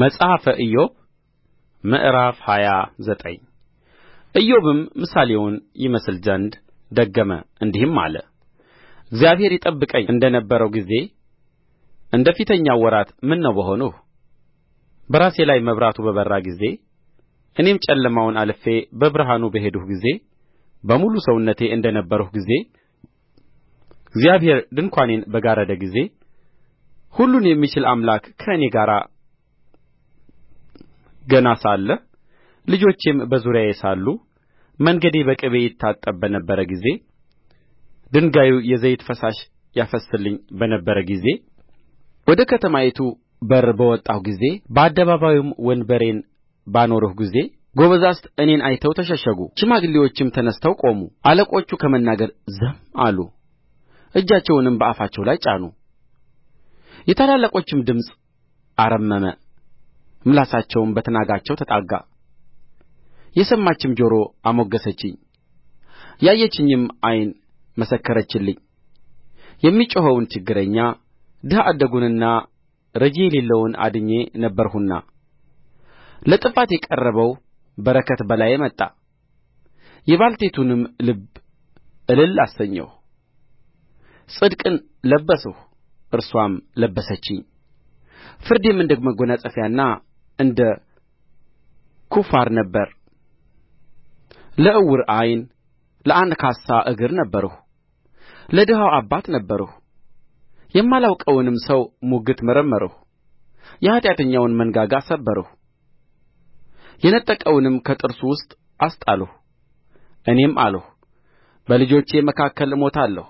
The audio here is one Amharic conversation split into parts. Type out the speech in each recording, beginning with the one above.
መጽሐፈ ኢዮብ ምዕራፍ ሃያ ዘጠኝ ኢዮብም ምሳሌውን ይመስል ዘንድ ደገመ እንዲህም አለ እግዚአብሔር ይጠብቀኝ እንደ ነበረው ጊዜ እንደ ፊተኛው ወራት ምነው በሆንሁ በራሴ ላይ መብራቱ በበራ ጊዜ እኔም ጨለማውን አልፌ በብርሃኑ በሄድሁ ጊዜ በሙሉ ሰውነቴ እንደ ነበርሁ ጊዜ እግዚአብሔር ድንኳኔን በጋረደ ጊዜ ሁሉን የሚችል አምላክ ከእኔ ጋር ገና ሳለ ልጆቼም በዙሪያዬ ሳሉ መንገዴ በቅቤ ይታጠብ በነበረ ጊዜ ድንጋዩ የዘይት ፈሳሽ ያፈስስልኝ በነበረ ጊዜ ወደ ከተማይቱ በር በወጣሁ ጊዜ በአደባባዩም ወንበሬን ባኖርሁ ጊዜ ጐበዛዝት እኔን አይተው ተሸሸጉ ሽማግሌዎችም ተነሥተው ቆሙ አለቆቹ ከመናገር ዝም አሉ እጃቸውንም በአፋቸው ላይ ጫኑ የታላላቆችም ድምፅ አረመመ ምላሳቸውም በትናጋቸው ተጣጋ የሰማችም ጆሮ አሞገሰችኝ ያየችኝም ዓይን መሰከረችልኝ የሚጮኸውን ችግረኛ ድሀ አደጉንና ረጂ የሌለውን አድኜ ነበርሁና ለጥፋት የቀረበው በረከት በላዬ መጣ የባልቴቲቱንም ልብ እልል አሰኘሁ ጽድቅን ለበስሁ እርስዋም ለበሰችኝ ፍርዴም እንደ መጐናጸፊያና እንደ ኩፋር ነበረ ለዕውር ዓይን ለአንካሳ እግር ነበርሁ ለድሀው አባት ነበርሁ የማላውቀውንም ሰው ሙግት መረመርሁ የኃጢአተኛውን መንጋጋ ሰበርሁ የነጠቀውንም ከጥርሱ ውስጥ አስጣልሁ እኔም አልሁ በልጆቼ መካከል እሞታለሁ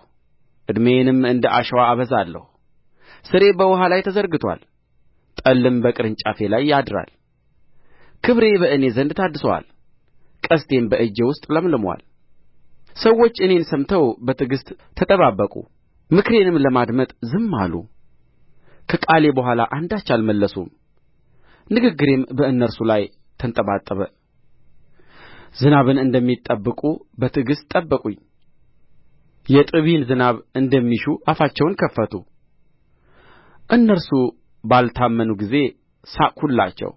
ዕድሜዬንም እንደ አሸዋ አበዛለሁ ሥሬ በውኃ ላይ ተዘርግቶአል ጠልም በቅርንጫፌ ላይ ያድራል ክብሬ በእኔ ዘንድ ታድሶአል ቀስቴም በእጄ ውስጥ ለምልሞአል ሰዎች እኔን ሰምተው በትዕግሥት ተጠባበቁ ምክሬንም ለማድመጥ ዝም አሉ ከቃሌ በኋላ አንዳች አልመለሱም ንግግሬም በእነርሱ ላይ ተንጠባጠበ ዝናብን እንደሚጠብቁ በትዕግሥት ጠበቁኝ የጥቢን ዝናብ እንደሚሹ አፋቸውን ከፈቱ እነርሱ ባልታመኑ ጊዜ ሳቅሁላቸው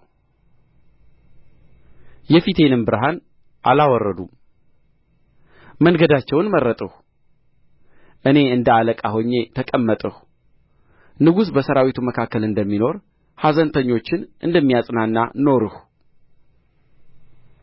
የፊቴንም ብርሃን አላወረዱም መንገዳቸውን መረጥሁ እኔ እንደ አለቃ ሆኜ ተቀመጥሁ ንጉሥ በሠራዊቱ መካከል እንደሚኖር ኀዘንተኞችን እንደሚያጽናና ኖርሁ